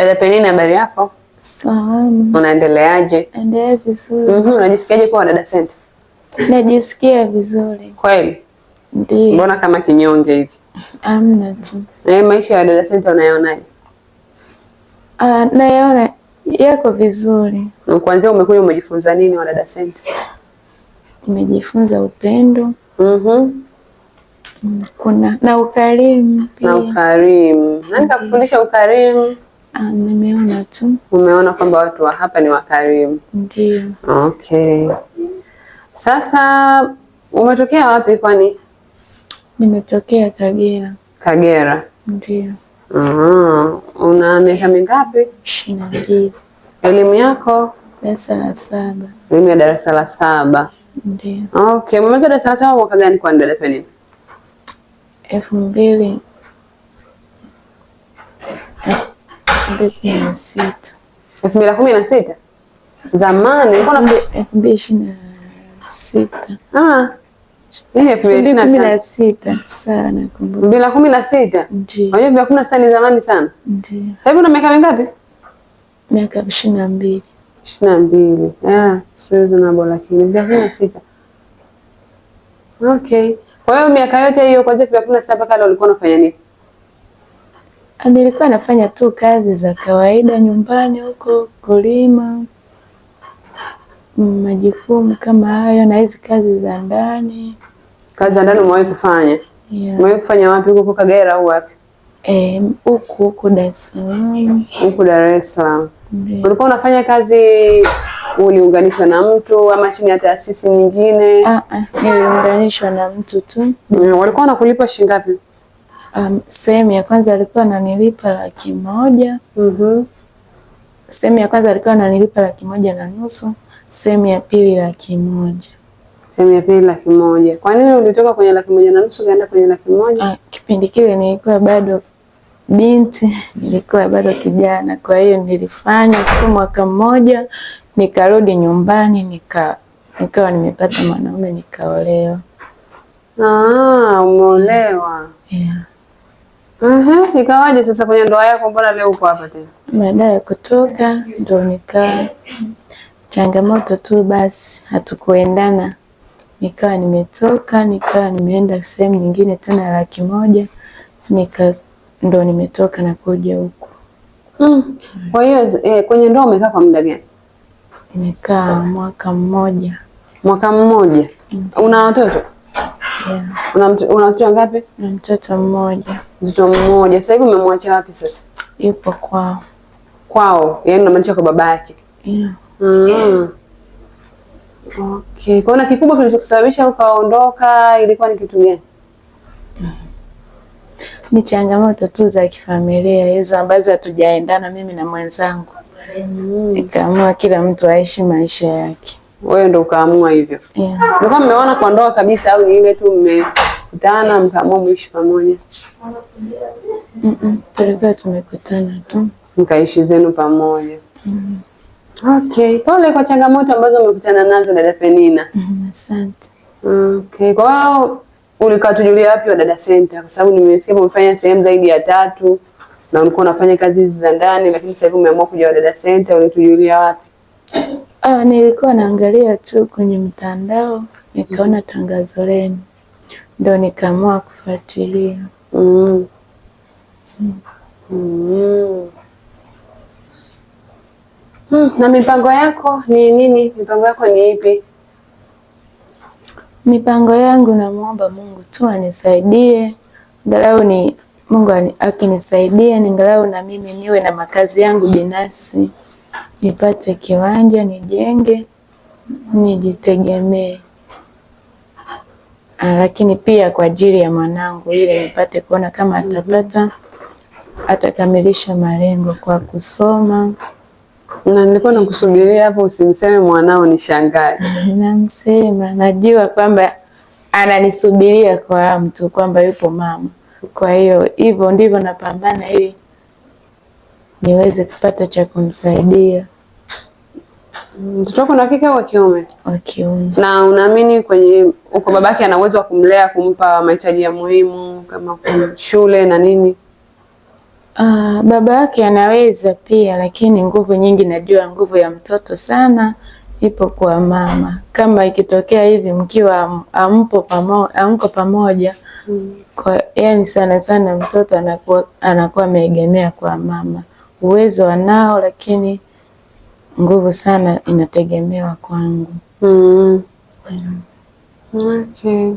Dada Penina, habari yako? Salama. Unaendeleaje? Endelea vizuri. Mhm, unajisikiaje kwa dada Senti? Najisikia vizuri. Kweli? Ndiyo. Mbona kama kinyonge hivi? Amna tu. Na maisha ya dada Senti unayaonaje? Ah, nayaona yako vizuri. Kwanza umekuja umejifunza nini wa dada Senti? Nimejifunza upendo. Mhm. Kuna na ukarimu pia. Na ukarimu. Nani kakufundisha ukarimu? Ah, nimeona tu. Umeona kwamba watu wa hapa ni wakarimu. Ndio. Okay. Sasa umetokea wapi kwani? Nimetokea Kagera. Kagera. Ndio. Uh -huh. Una miaka mingapi? ishirini na mbili. Elimu yako? Darasa la saba. Elimu ya darasa la saba. Ndio. Okay, umemaliza darasa la saba mwaka gani kwa Ndele Penini? elfu mbili elfu mbili na kumi na sita zamani elfu mbili ishirini na sita ah, elfu mbili kumi na sita kumi na sita elfu mbili na kumi na sita ni zamani sana. Sasa hivi una miaka mingapi? miaka ishirini na mbili ishirini na mbili ah, sinabo, lakini elfu mbili na kumi na sita okay. Kwa hiyo miaka yote hiyo kuanzia elfu mbili na kumi na sita mpaka leo ulikuwa unafanya nini? Nilikuwa nafanya tu kazi za kawaida nyumbani huko, kulima, mm, majukumu kama hayo, na hizi kazi za ndani. Kazi za ndani umewahi kufanya? Yeah. Umewahi kufanya wapi, huko Kagera au wapi? Eh, huku huku Dar es Salaam. Huku Dar es Salaam. Ulikuwa unafanya kazi uliunganishwa na mtu ama chini ya taasisi nyingine? Ah, ah, niliunganishwa na mtu tu. Eh, walikuwa wanakulipa shilingi ngapi? um, sehemu ya kwanza alikuwa ananilipa laki moja mm -hmm. Sehemu ya kwanza alikuwa ananilipa laki moja na nusu, sehemu ya pili laki moja sehemu ya pili laki moja. Kwa nini ulitoka kwenye laki moja na nusu ukaenda kwenye laki moja? Ah, kipindi kile nilikuwa bado binti, nilikuwa bado kijana, kwa hiyo nilifanya tu mwaka mmoja nikarudi nyumbani nika nikawa nimepata mwanaume nikaolewa. Ah, umeolewa uh mhm. Ikawaje sasa kwenye ndoa yako, mbona leo uko hapa tena? Baada ya kutoka ndo nikaa changamoto tu basi, hatukuendana nikawa nimetoka, nikawa nimeenda sehemu nyingine tena laki moja nika ndo nimetoka na kuja huku. Mm. Kwa hiyo eh, kwenye ndoa umekaa kwa muda gani? Nimekaa mwaka mmoja. Mwaka mmoja. Mm. Una watoto? Yeah. Una mtoto ngapi? Na mtoto mmoja. Mtoto mmoja. Sasa hivi umemwacha wapi sasa? Yupo kwao. Kwao? Yaani unamaanisha kwa baba yake? Yeah. Mm. Yeah. Okay. Kuna kikubwa kilichokusababisha ukaondoka, ilikuwa ni kitu gani? Ni changamoto tu za kifamilia hizo ambazo hatujaendana mimi na mwenzangu. Mm. Nikaamua mm. kila mtu aishi maisha yake wewe ndo ukaamua hivyo? Yeah. Mlikuwa mmeona kwa ndoa kabisa au ni ile tu mmekutana mkaamua muishi pamoja? Mm -mm, tulikuwa tumekutana tu mkaishi zenu pamoja. Mm -hmm. Okay, pole kwa changamoto ambazo umekutana nazo dada Penina. Mm, asante. Okay, kwa wao ulikatujulia wapi wa dada Center? Kwa sababu nimesikia umefanya sehemu zaidi ya tatu na ulikuwa unafanya kazi hizi za ndani, lakini sasa hivi umeamua kuja wa dada Center, ulitujulia wapi? Ah, nilikuwa naangalia tu kwenye mtandao nikaona tangazo lenu ndo nikaamua kufuatilia. mm. mm. mm. na mipango yako ni nini? Mipango yako ni ipi? Mipango yangu namwomba Mungu tu anisaidie angalau ni Mungu akinisaidia ningalau na mimi niwe na makazi yangu binafsi nipate kiwanja nijenge, nijitegemee, ah, lakini pia kwa ajili ya mwanangu, ili nipate kuona kama atapata atakamilisha malengo kwa kusoma. Na nilikuwa nakusubiria hapo, usimseme mwanao ni shangazi. Namsema, najua kwamba ananisubiria kwa mtu kwamba yupo mama. Kwa hiyo hivyo ndivyo napambana ili niweze kupata cha kumsaidia. Mtoto wako na kike au wa kiume? Wa kiume. Na unaamini kwenye uko babake ana uwezo wa kumlea kumpa mahitaji ya muhimu kama shule na nini? Uh, baba yake anaweza pia, lakini nguvu nyingi, najua nguvu ya mtoto sana ipo kwa mama. Kama ikitokea hivi mkiwa amko pamoja, pamoja mm. Kwa, yani sana sana mtoto anakuwa anakuwa ameegemea kwa mama uwezo wanao, lakini nguvu sana inategemewa kwangu. mm. Okay.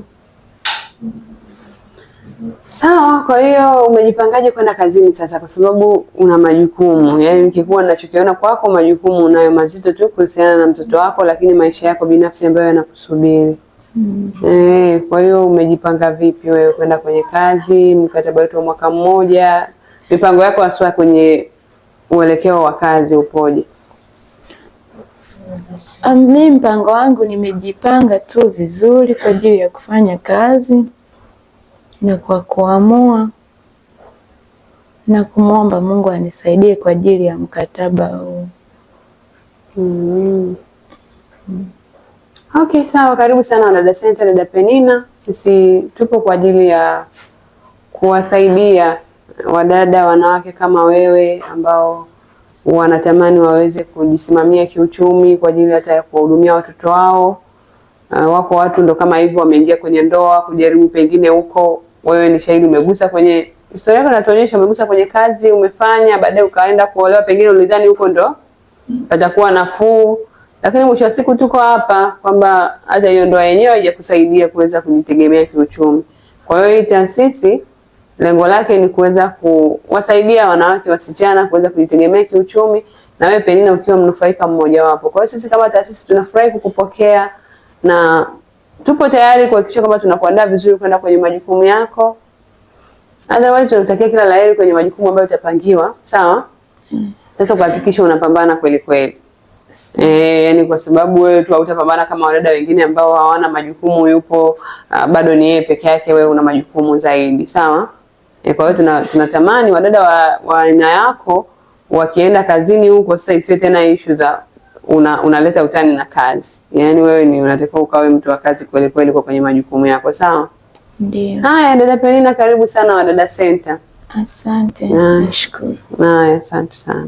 Sawa. Kwa hiyo umejipangaje kwenda kazini sasa, kwa sababu una majukumu? Yaani kikubwa ninachokiona kwako, majukumu unayo mazito tu kuhusiana na mtoto wako, lakini maisha yako binafsi ambayo yanakusubiri. mm Eh, kwa hiyo umejipanga vipi wewe kwenda kwenye kazi? Mkataba wetu wa mwaka mmoja, mipango yako haswa kwenye uelekeo wa kazi upoje? mimi mpango wangu nimejipanga tu vizuri kwa ajili ya kufanya kazi na kwa kuamua na kumwomba Mungu anisaidie kwa ajili ya mkataba huu. Mm. Okay, sawa. Karibu sana Wadada Center, dada Penina, sisi tupo kwa ajili ya kuwasaidia wadada wanawake kama wewe ambao wanatamani waweze kujisimamia kiuchumi kwa ajili hata ya kuwahudumia watoto wao. Uh, wako watu ndo kama hivyo wameingia kwenye ndoa kujaribu, pengine huko wewe ni shahidi, umegusa kwenye historia yako, inatuonyesha umegusa kwenye kazi umefanya, baadaye ukaenda kuolewa, pengine ulidhani huko ndo patakuwa nafuu, lakini mwisho wa siku tuko hapa kwamba hata hiyo ndoa yenyewe haijakusaidia kuweza kujitegemea kiuchumi. Kwa hiyo hii taasisi Lengo lake ni kuweza kuwasaidia wanawake wasichana kuweza kujitegemea kiuchumi, na wewe pengine ukiwa mnufaika mmoja wapo. Kwa hiyo sisi kama taasisi tunafurahi kukupokea na tupo tayari kuhakikisha kwamba tunakuandaa vizuri kwenda kwenye majukumu yako. Otherwise tunakutakia kila laheri kwenye majukumu ambayo utapangiwa, sawa? Sasa kuhakikisha unapambana kweli kweli. Eh, yani kwa sababu wewe tu hautapambana kama wadada wengine ambao hawana majukumu, yupo uh, bado ni yeye peke yake, wewe una majukumu zaidi, sawa? E, kwa hiyo tuna, tunatamani wadada wa aina yako wakienda kazini huko sasa isiwe tena issue za una, unaleta utani na kazi. Yaani wewe ni unatakiwa ukawe mtu wa kazi kweli kweli kwa kwenye majukumu yako, sawa? Ndio. Haya, dada Penina, karibu sana Wadada Center. Asante. Nashukuru. Haya, asante sana.